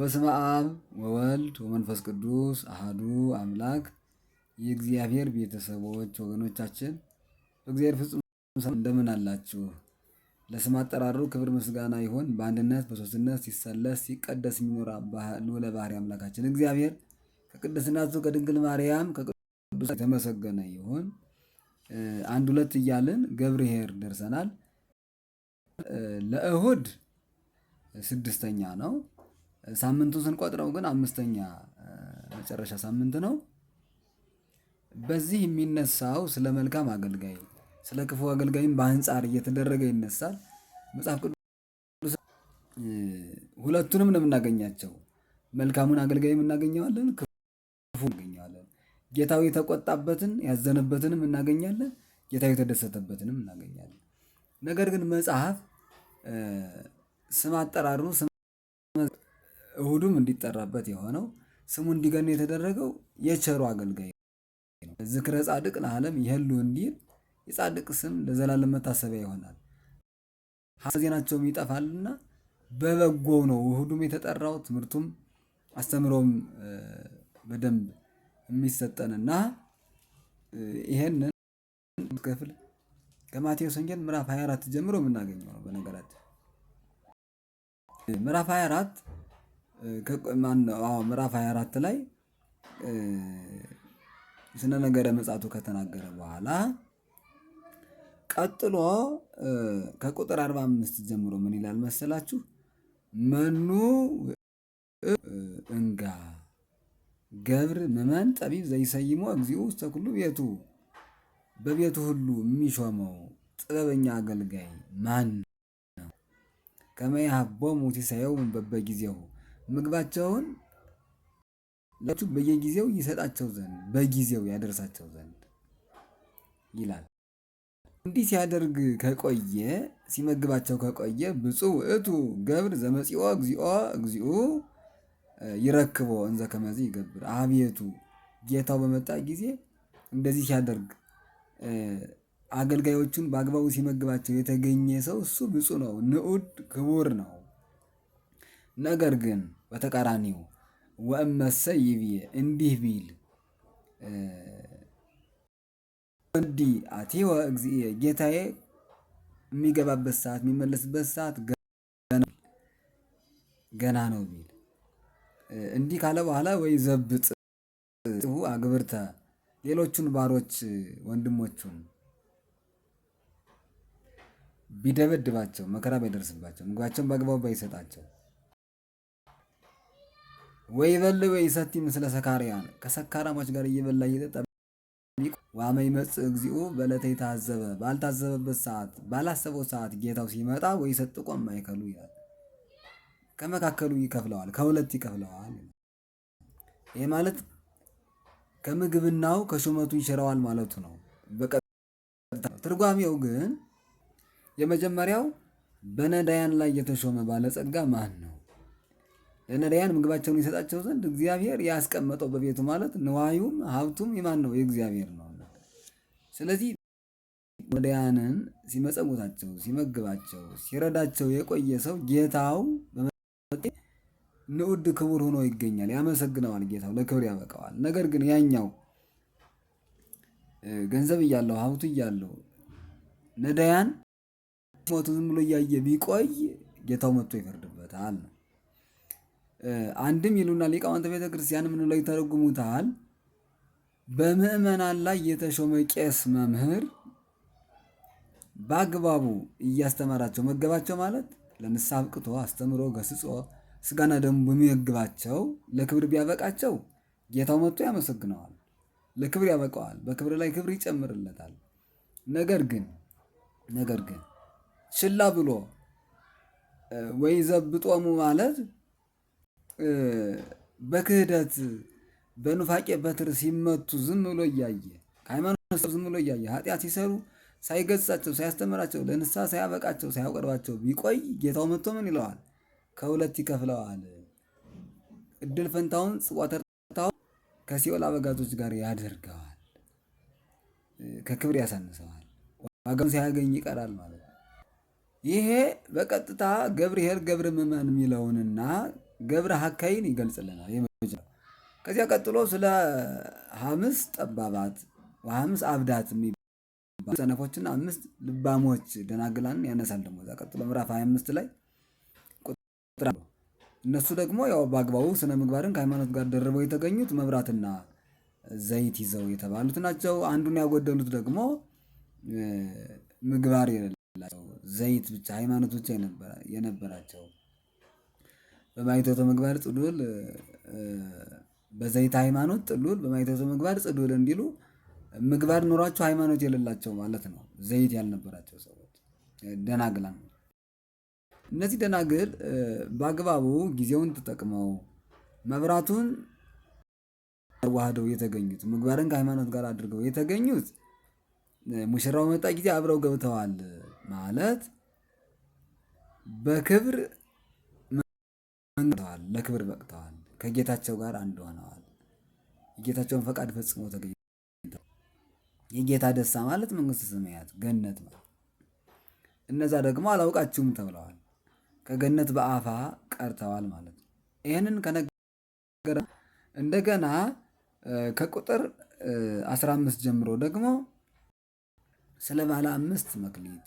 በስመ አብ ወወልድ ወመንፈስ ቅዱስ አህዱ አምላክ። የእግዚአብሔር ቤተሰቦች ወገኖቻችን በእግዚአብሔር ፍጹም እንደምን አላችሁ? ለስም አጠራሩ ክብር ምስጋና ይሁን። በአንድነት በሶስትነት ሲሰለስ ሲቀደስ የሚኖር ልዑለ ባሕርይ አምላካችን እግዚአብሔር ከቅድስናቱ ከድንግል ማርያም ከቅዱስ የተመሰገነ ይሁን። አንድ ሁለት እያልን ገብርሄር ደርሰናል። ለእሁድ ስድስተኛ ነው። ሳምንቱን ስንቆጥረው ግን አምስተኛ መጨረሻ ሳምንት ነው። በዚህ የሚነሳው ስለ መልካም አገልጋይ፣ ስለ ክፉ አገልጋይም በአንጻር እየተደረገ ይነሳል። መጽሐፍ ቅዱስ ሁለቱንም ነው የምናገኛቸው። መልካሙን አገልጋይም እናገኘዋለን፣ ክፉ እናገኘዋለን። ጌታው የተቆጣበትን ያዘነበትንም እናገኛለን፣ ጌታው የተደሰተበትንም እናገኛለን። ነገር ግን መጽሐፍ ስም አጠራሩ እሁዱም እንዲጠራበት የሆነው ስሙ እንዲገን የተደረገው የቸሩ አገልጋይ ነው። ዝክረ ጻድቅ ለዓለም ይህሉ እንዲል የጻድቅ ስም ለዘላለም መታሰቢያ ይሆናል። ዜናቸውም ይጠፋልና በበጎው ነው እሁዱም የተጠራው ትምህርቱም አስተምሮም በደንብ የሚሰጠንና ይሄንን ክፍል ከማቴዎስ ወንጌል ምዕራፍ 24 ጀምሮ የምናገኘው ነው። በነገራችን ምዕራፍ 24 ምዕራፍ 24 ላይ ስነ ነገረ ምጽአቱ ከተናገረ በኋላ ቀጥሎ ከቁጥር 45 ጀምሮ ምን ይላል መሰላችሁ? መኑ እንጋ ገብር መመን ጠቢብ ዘይሰይሞ እግዚኡ ውስተ ኩሉ ቤቱ፣ በቤቱ ሁሉ የሚሾመው ጥበበኛ አገልጋይ ማን ነው? ከመ ይሃቦሙ ሲሳየው በበጊዜው ምግባቸውን ለቱ በየጊዜው ይሰጣቸው ዘንድ በጊዜው ያደርሳቸው ዘንድ ይላል። እንዲህ ሲያደርግ ከቆየ ሲመግባቸው ከቆየ ብፁዕ ውእቱ ገብር ዘመጺኦ እግዚኦ እግዚኡ ይረክቦ እንዘ ከመዚ ይገብር። አቤቱ ጌታው በመጣ ጊዜ እንደዚህ ሲያደርግ አገልጋዮቹን በአግባቡ ሲመግባቸው የተገኘ ሰው እሱ ብፁዕ ነው፣ ንዑድ ክቡር ነው። ነገር ግን በተቃራኒው ወእመሰ ይብየ እንዲህ ቢል እንዲ አቴወ እግዚእ ጌታዬ የሚገባበት ሰዓት የሚመለስበት ሰዓት ገና ነው ቢል እንዲህ ካለ በኋላ ወይ ዘብጥ አግብርተ ሌሎቹን ባሮች ወንድሞቹን ቢደበድባቸው መከራ ባይደርስባቸው ምግባቸውን በአግባቡ ባይሰጣቸው ወይ በል ወይ ሰቲ ምስለ ሰካርያን ከሰካራሞች ጋር እየበላ እየጠጣ ዋመ ይመጽእ እግዚኦ በዕለተ ታዘበ ባልታዘበበት ሰዓት ባላሰበው ሰዓት ጌታው ሲመጣ ወይ ወይሰጥቆ ማይከሉ ይላል። ከመካከሉ ይከፍለዋል፣ ከሁለት ይከፍለዋል። ይህ ማለት ከምግብናው ከሹመቱ ይሽረዋል ማለቱ ነው። በቀጥታ ትርጓሜው ግን የመጀመሪያው በነዳያን ላይ የተሾመ ባለጸጋ ማን ነው? ለነዳያን ምግባቸውን ይሰጣቸው ዘንድ እግዚአብሔር ያስቀመጠው በቤቱ ማለት ንዋዩም ሀብቱም የማን ነው? የእግዚአብሔር ነው። ስለዚህ ነዳያንን ሲመጸውታቸው፣ ሲመግባቸው፣ ሲረዳቸው የቆየ ሰው ጌታው ንዑድ ክቡር ሆኖ ይገኛል። ያመሰግነዋል፣ ጌታው ለክብር ያበቃዋል። ነገር ግን ያኛው ገንዘብ እያለው ሀብቱ እያለው ነዳያን ሞቱ ዝም ብሎ እያየ ቢቆይ ጌታው መጥቶ ይፈርድበታል ነው አንድም ይሉና ሊቃውንተ ቤተ ክርስቲያን ምን ላይ ተረጉሙታል? በምዕመናን ላይ የተሾመ ቄስ መምህር በአግባቡ እያስተማራቸው መገባቸው ማለት ለንስሐ አብቅቶ አስተምሮ ገስጾ ስጋና ደሙ በሚመግባቸው ለክብር ቢያበቃቸው ጌታው መጥቶ ያመሰግነዋል፣ ለክብር ያበቀዋል፣ በክብር ላይ ክብር ይጨምርለታል። ነገር ግን ነገር ግን ችላ ብሎ ወይ ዘብጦሙ ማለት በክህደት በኑፋቄ በትር ሲመቱ ዝም ብሎ እያየ ሃይማኖት ዝም ብሎ እያየ ኃጢአት ሲሰሩ ሳይገጻቸው ሳያስተምራቸው ለንሳ ሳያበቃቸው ሳያውቀዷቸው ቢቆይ ጌታው መጥቶ ምን ይለዋል? ከሁለት ይከፍለዋል። እድል ፈንታውን ጽዋ ተርታውን ከሲኦል አበጋዞች ጋር ያደርገዋል። ከክብር ያሳንሰዋል። ዋጋውን ሳያገኝ ይቀራል ማለት ነው። ይሄ በቀጥታ ገብርኄር ገብርምመን የሚለውንና ገብረ ሀካይን ይገልጽልናል። ከዚያ ቀጥሎ ስለ ሀምስ ጠባባት ሀምስ አብዳት የሚባሉ ሰነፎችና አምስት ልባሞች ደናግላን ያነሳል። ደግሞ እዛ ቀጥሎ ምዕራፍ 25 ላይ እነሱ ደግሞ ያው በአግባቡ ስነ ምግባርን ከሃይማኖት ጋር ደርበው የተገኙት መብራትና ዘይት ይዘው የተባሉት ናቸው። አንዱን ያጎደሉት ደግሞ ምግባር የሌላቸው ዘይት ብቻ ሃይማኖት ብቻ የነበራቸው በማይቶተ ምግባር ጽዱል በዘይት ሃይማኖት ጽዱል በማይቶተ ምግባር ጽዱል እንዲሉ ምግባር ኖሯቸው ሃይማኖት የሌላቸው ማለት ነው። ዘይት ያልነበራቸው ሰዎች ደናግላን። እነዚህ ደናግል በአግባቡ ጊዜውን ተጠቅመው መብራቱን ዋህደው የተገኙት ምግባርን ከሃይማኖት ጋር አድርገው የተገኙት ሙሽራው መጣ ጊዜ አብረው ገብተዋል ማለት በክብር አንተዋል ለክብር በቅተዋል ከጌታቸው ጋር አንድ ሆነዋል። የጌታቸውን ፈቃድ ፈጽሞ ተገኝተ የጌታ ደስታ ማለት መንግስተ ሰማያት ገነት ነው። እነዛ ደግሞ አላውቃችሁም ተብለዋል። ከገነት በአፋ ቀርተዋል ማለት ነው። ይህንን ከነገረ እንደገና ከቁጥር 15 ጀምሮ ደግሞ ስለ ባለ አምስት መክሊት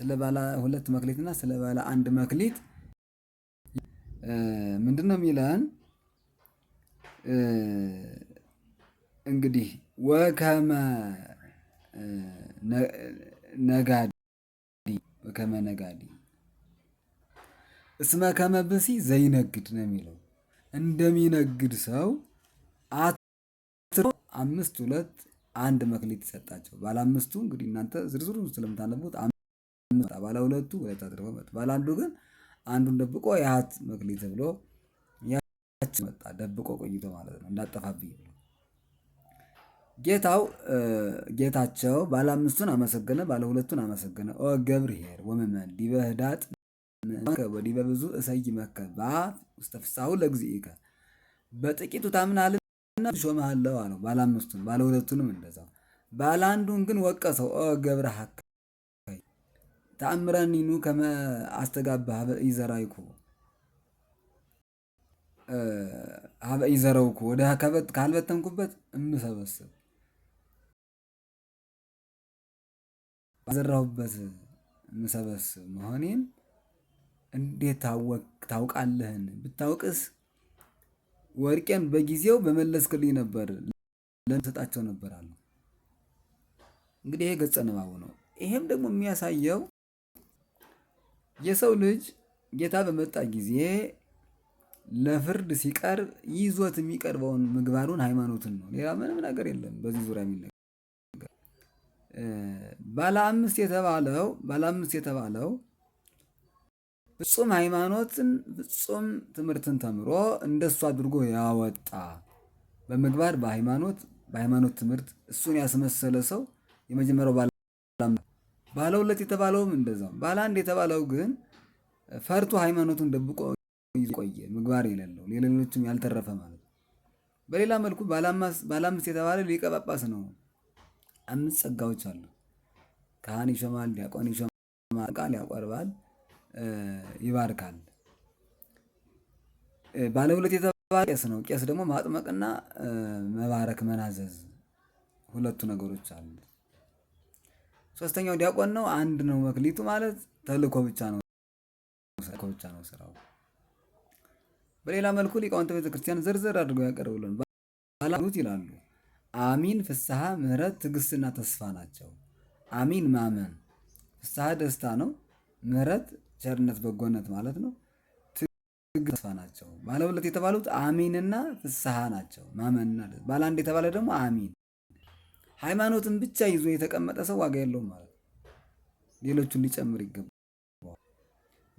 ስለ ባለ ሁለት መክሊትና ስለ ባለ አንድ መክሊት ምንድን ነው የሚለን? እንግዲህ ወከመ ነጋዲ ወከመ ነጋዲ እስመ ከመ ብሲ ዘይነግድ ነው የሚለው እንደሚነግድ ሰው አትሮ አምስት ሁለት አንድ መክሊት ይሰጣቸው። ባለ አምስቱ እንግዲህ እናንተ ዝርዝሩ ስለምታነቡት ባለ ሁለቱ ሁለት አድርገው፣ ባለ አንዱ ግን አንዱን ደብቆ የሀት መክሊት ብሎ ያች መጣ ደብቆ ቆይቶ ማለት ነው እንዳጠፋብኝ ብሎ ጌታው ጌታቸው ባለ አምስቱን አመሰገነ፣ ባለ ሁለቱን አመሰገነ። ኦ ገብርኄር ወመመን ዲበ ህዳጥ ወዲበ ብዙ እሰይመከ በአፍ ውስተ ፍሥሓሁ ለእግዚእከ በጥቂቱ ታምናልና ሾመሃለው አለው። ባለ አምስቱን ባለ ሁለቱንም እንደዛው ባለ አንዱን ግን ወቀሰው። ኦ ገብረ ሀከ ተአምራኒኑ ከመ አስተጋባ ሀበ ኢዘራይኩ ሀበ ኢዘረውኩ ወደ ካልበተንኩበት እምሰበስብ ባዘራሁበት እምሰበስብ መሆኔን እንዴት ታውቃለህን? ብታውቅስ ወርቄን በጊዜው በመለስክልኝ ነበር፣ ለምሰጣቸው ነበር አሉ። እንግዲህ ይሄ ገጸ ንባቡ ነው። ይሄም ደግሞ የሚያሳየው የሰው ልጅ ጌታ በመጣ ጊዜ ለፍርድ ሲቀርብ ይዞት የሚቀርበውን ምግባሩን ሃይማኖትን ነው። ሌላ ምንም ነገር የለም። በዚህ ዙሪያ የሚነገር ባለ አምስት የተባለው ባለ አምስት የተባለው ፍጹም ሃይማኖትን ፍጹም ትምህርትን ተምሮ እንደሱ አድርጎ ያወጣ በምግባር በሃይማኖት በሃይማኖት ትምህርት እሱን ያስመሰለ ሰው የመጀመሪያው ባለ ባለ ሁለት የተባለውም እንደዛው። ባለ አንድ የተባለው ግን ፈርቶ ሃይማኖቱን ደብቆ ቆየ፣ ምግባር የሌለው ሌሎችም ያልተረፈ ማለት ነው። በሌላ መልኩ ባለ አምስት የተባለ ሊቀ ጳጳስ ነው። አምስት ጸጋዎች አሉ። ካህን ይሾማል፣ ዲያቆን ይሾማል፣ ቃል ያቆርባል፣ ይባርካል። ባለ ሁለት የተባለ ቄስ ነው። ቄስ ደግሞ ማጥመቅና መባረክ፣ መናዘዝ ሁለቱ ነገሮች አሉ። ሶስተኛው ዲያቆን ነው። አንድ ነው መክሊቱ ማለት ተልኮ ብቻ ነው ብቻ ነው ስራው። በሌላ መልኩ ሊቃውንተ ቤተክርስቲያን ዝርዝር አድርገው ያቀርቡልን ባላሉት ይላሉ። አሚን ፍስሐ፣ ምሕረት፣ ትዕግስትና ተስፋ ናቸው። አሚን ማመን፣ ፍስሐ ደስታ ነው። ምሕረት ቸርነት፣ በጎነት ማለት ነው። ትዕግስት ተስፋ ናቸው። ባለ ሁለት የተባሉት አሚንና ፍስሐ ናቸው። ማመንና ባለ አንድ የተባለ ደግሞ አሚን ሃይማኖትን ብቻ ይዞ የተቀመጠ ሰው ዋጋ የለውም ማለት ነው። ሌሎቹን ሊጨምር ይገባል።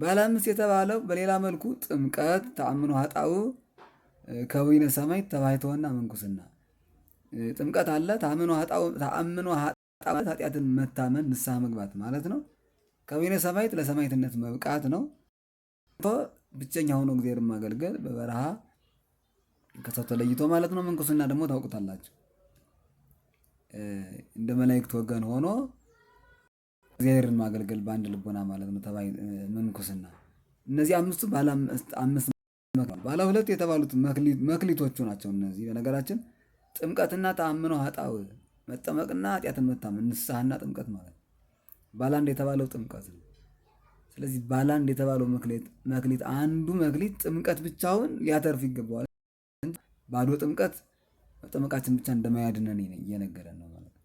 ባለ አምስት የተባለው በሌላ መልኩ ጥምቀት ተአምኖ ሀጣው ከወይነ ሰማይ ተባይተወና መንኩስና ጥምቀት አለ። ተአምኖ ሀጣው ኃጢአትን መታመን ንስሐ መግባት ማለት ነው። ከወይነ ሰማይት ለሰማይትነት መብቃት ነው። ብቸኛ ሆኖ እግዚአብሔርን ማገልገል በበረሃ ከሰው ተለይቶ ማለት ነው። መንኩስና ደግሞ ታውቁታላችሁ። እንደ መላእክት ወገን ሆኖ እግዚአብሔርን ማገልገል በአንድ ልቦና ማለት ነው። ተባይ ምንኩስና እነዚህ አምስቱ ባለ አምስት ባለ ሁለት የተባሉት መክሊቶቹ ናቸው። እነዚህ በነገራችን ጥምቀትና ተአምነው ሀጣው መጠመቅና ኃጢአትን መታመን ንስሐና ጥምቀት ማለት ነው። ባላንድ የተባለው ጥምቀት ነው። ስለዚህ ባላንድ የተባለው መክሊት አንዱ መክሊት ጥምቀት ብቻውን ሊያተርፍ ይገባዋል። ባዶ ጥምቀት መጠመቃችን ብቻ እንደማያድነን እየነገረን ነው ማለት ነው።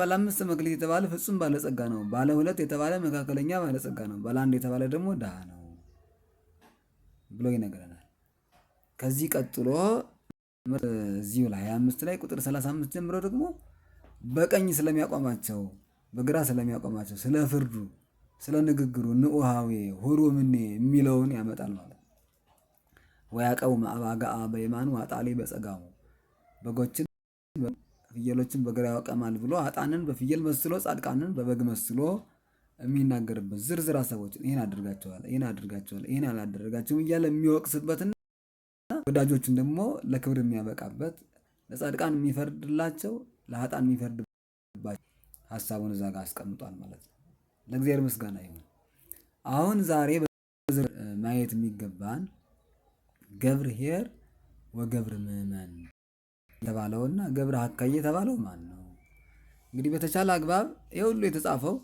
ባለ አምስት መክሊት የተባለ ፍጹም ባለጸጋ ነው። ባለ ሁለት የተባለ መካከለኛ ባለጸጋ ነው። ባለ አንድ የተባለ ደግሞ ድሃ ነው ብሎ ይነግረናል። ከዚህ ቀጥሎ እዚሁ ላይ 25 ላይ ቁጥር 35 ጀምሮ ደግሞ በቀኝ ስለሚያቋማቸው በግራ ስለሚያቋማቸው ስለ ፍርዱ፣ ስለ ንግግሩ ንዑሃዌ የሚለውን ያመጣል ማለት ነው። ወያቀውም አባጋአ በየማኑ አጣሌ በጸጋሙ በጎችን ፍየሎችን በግራ ያውቀማል ብሎ አጣንን በፍየል መስሎ ጻድቃንን በበግ መስሎ የሚናገርበት ዝርዝር ሀሳቦችን ይህን አድርጋቸዋል፣ ይህን አድርጋቸዋል፣ ይህን አላደረጋቸውም እያለ የሚወቅስበትና ወዳጆቹን ደግሞ ለክብር የሚያበቃበት ለጻድቃን የሚፈርድላቸው ለሀጣን የሚፈርድባቸው ሀሳቡን እዛ ጋር አስቀምጧል ማለት ነው። ለእግዚአብሔር ምስጋና ይሁን። አሁን ዛሬ በዝርዝር ማየት የሚገባን ገብር ሄር ወገብር ምእመን የተባለውና ገብር ሀካይ የተባለው ማን ነው? እንግዲህ በተቻለ አግባብ ይህ ሁሉ የተጻፈው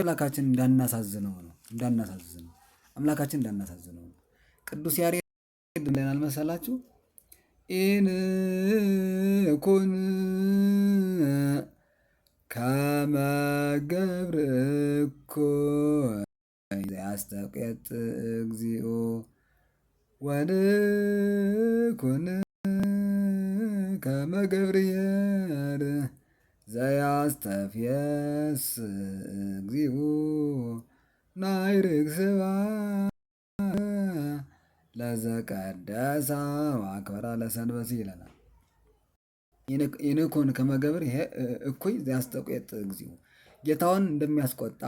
አምላካችን እንዳናሳዝነው ነው። እንዳናሳዝነው አምላካችን እንዳናሳዝነው ነው። ቅዱስ ያሬድ ምለናል መሰላችሁ ኢን ኩን ከመ እኮ ያስተውቀጥ እግዚኦ ወንኩን ከመ ገብርኄር ዘያስተፍየስ እግዚኡ ርግስባ ለዘቀደሳ አክበራ ለሰንበሲ ይለናል። ይንኩን ከመገብር ይሄ እኩይ ዘያስተቆጥ እግዚኡ ጌታውን እንደሚያስቆጣ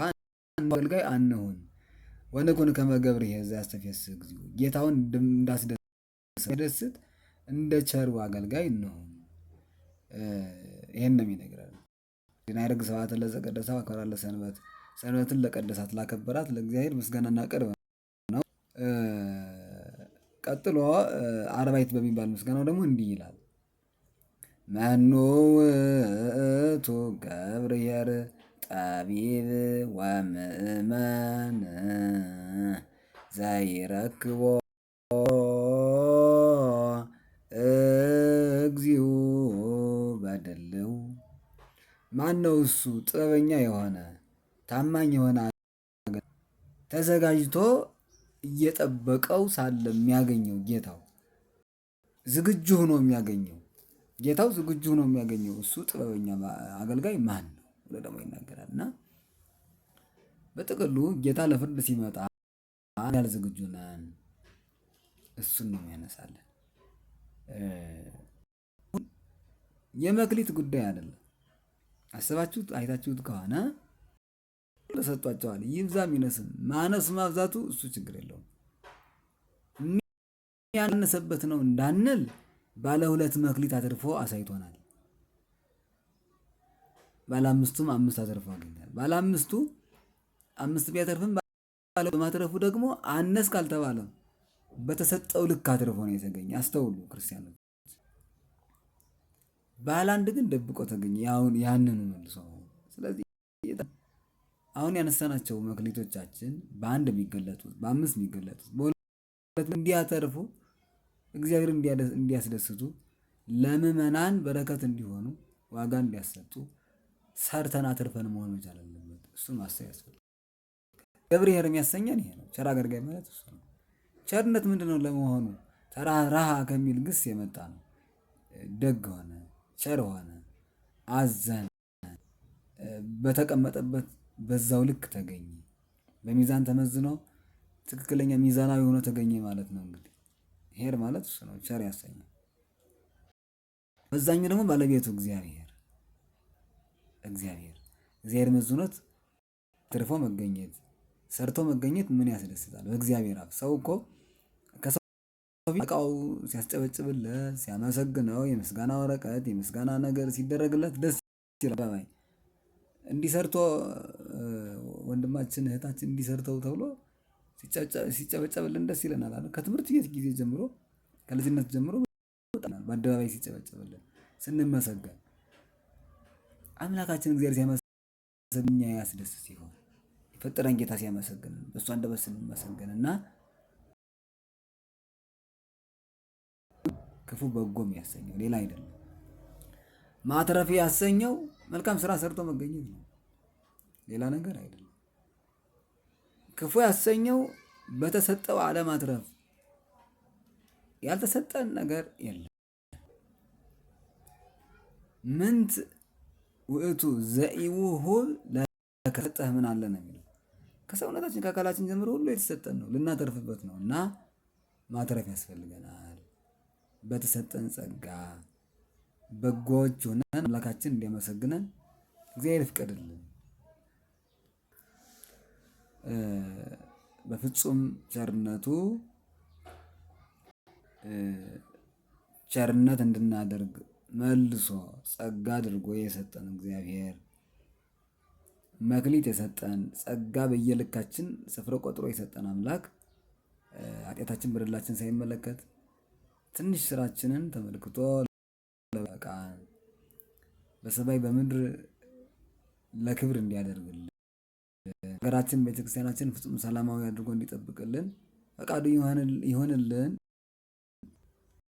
አገልጋይ አንሁን። ወነኮን ከመገብር ዘያስተፌስህ ጊዜ ጌታውን እንዳስደስት እንደ ቸሩ አገልጋይ እንሆን። ይህን ነው የሚነግረን። ግን አይደግ ሰባትን ለዘቀደሳ አክብራ ለሰንበት ሰንበትን ለቀደሳት ላከበራት ለእግዚአብሔር ምስጋናና ቅርብ ነው። ቀጥሎ አርባይት በሚባል ምስጋናው ደግሞ እንዲህ ይላል መኑ ውእቱ ገብር ኄር ጠቢብ ወምእመን ዘይረክቦ እግዚኡ በድልው። ማን ነው እሱ ጥበበኛ የሆነ ታማኝ የሆነ ተዘጋጅቶ እየጠበቀው ሳለ የሚያገኘው ጌታው ዝግጁ ሆኖ የሚያገኘው ጌታው ዝግጁ ሆኖ የሚያገኘው እሱ ጥበበኛ አገልጋይ ማን ነው? ብሎ ደግሞ ይናገራል እና በጥቅሉ ጌታ ለፍርድ ሲመጣ ያል ዝግጁ ነን። እሱን ነው ያነሳለን። የመክሊት ጉዳይ አይደለም። አስባችሁት አይታችሁት ከሆነ ተሰጧቸዋል። ይብዛም ይነስም ማነስ ማብዛቱ እሱ ችግር የለውም። ያነሰበት ነው እንዳንል ባለ ሁለት መክሊት አትርፎ አሳይቶናል። ባለአምስቱም አምስት አተርፎ ያገኛል። ባለአምስቱ አምስት ቢያተርፍም በማትረፉ ደግሞ አነስ ካልተባለ በተሰጠው ልክ አትርፎ ነው የተገኘ። አስተውሉ ክርስቲያኖች። ባለ አንድ ግን ደብቆ ተገኘ ያንኑ መልሶ። ስለዚህ አሁን ያነሳናቸው መክሊቶቻችን በአንድ የሚገለጡት በአምስት የሚገለጡት በሁለት እንዲያተርፉ እግዚአብሔር እንዲያስደስቱ ለምዕመናን በረከት እንዲሆኑ ዋጋ እንዲያሰጡ ሰርተን አትርፈን መሆን መቻል አለበት። እሱን ማሰብ ያስፈልጋል። ገብር ሄር የሚያሰኘን ይሄ ነው። ቸር አገልጋይ ማለት እሱ ነው። ቸርነት ምንድን ነው ለመሆኑ? ተራ ረሃ ከሚል ግስ የመጣ ነው። ደግ ሆነ፣ ቸር ሆነ፣ አዘነ፣ በተቀመጠበት በዛው ልክ ተገኘ፣ በሚዛን ተመዝኖ ትክክለኛ ሚዛናዊ ሆኖ ተገኘ ማለት ነው። እንግዲህ ሄር ማለት እሱ ነው። ቸር ያሰኛል። በዛኛው ደግሞ ባለቤቱ እግዚአብሔር እግዚአብሔር እግዚአብሔር መዝኖት ትርፎ መገኘት ሰርቶ መገኘት ምን ያስደስታል? በእግዚአብሔር አፍ ሰው እኮ እቃው ሲያስጨበጭብለት ሲያመሰግነው የምስጋና ወረቀት የምስጋና ነገር ሲደረግለት ደስ ይላል። እንዲሰርቶ ወንድማችን እህታችን እንዲሰርተው ተብሎ ሲጨበጨብልን ደስ ይለናል። አለ ከትምህርት ቤት ጊዜ ጀምሮ ከልጅነት ጀምሮ በአደባባይ ሲጨበጨብልን ስንመሰገን አምላካችን እግዚአብሔር ሲያመሰግን እኛ ያስደስት የፈጠረን ጌታ ሲያመሰግን እሱ አንደበት ስንመሰግን እና ክፉ በጎም ያሰኘው ሌላ አይደለም። ማትረፍ ያሰኘው መልካም ስራ ሰርቶ መገኘት ነው፣ ሌላ ነገር አይደለም። ክፉ ያሰኘው በተሰጠው አለማትረፍ፣ ያልተሰጠን ነገር የለም ምንት ውእቱ ዘኢው ሁል ሰጠህ ምን አለ ነው የሚለው። ከሰውነታችን ከአካላችን ጀምሮ ሁሉ የተሰጠን ነው፣ ልናተርፍበት ነው እና ማትረፍ ያስፈልገናል። በተሰጠን ጸጋ በጎች ሆነን አምላካችን እንዲያመሰግነን እግዚአብሔር ይፍቀድልን። በፍጹም ቸርነቱ ቸርነት እንድናደርግ መልሶ ጸጋ አድርጎ የሰጠን እግዚአብሔር መክሊት የሰጠን ጸጋ በየልካችን ስፍረ ቆጥሮ የሰጠን አምላክ ኃጢአታችን በደላችን ሳይመለከት ትንሽ ስራችንን ተመልክቶ ለቃን በሰማይ በምድር ለክብር እንዲያደርግልን ሀገራችን ቤተክርስቲያናችን ፍጹም ሰላማዊ አድርጎ እንዲጠብቅልን ፈቃዱ ይሆንልን።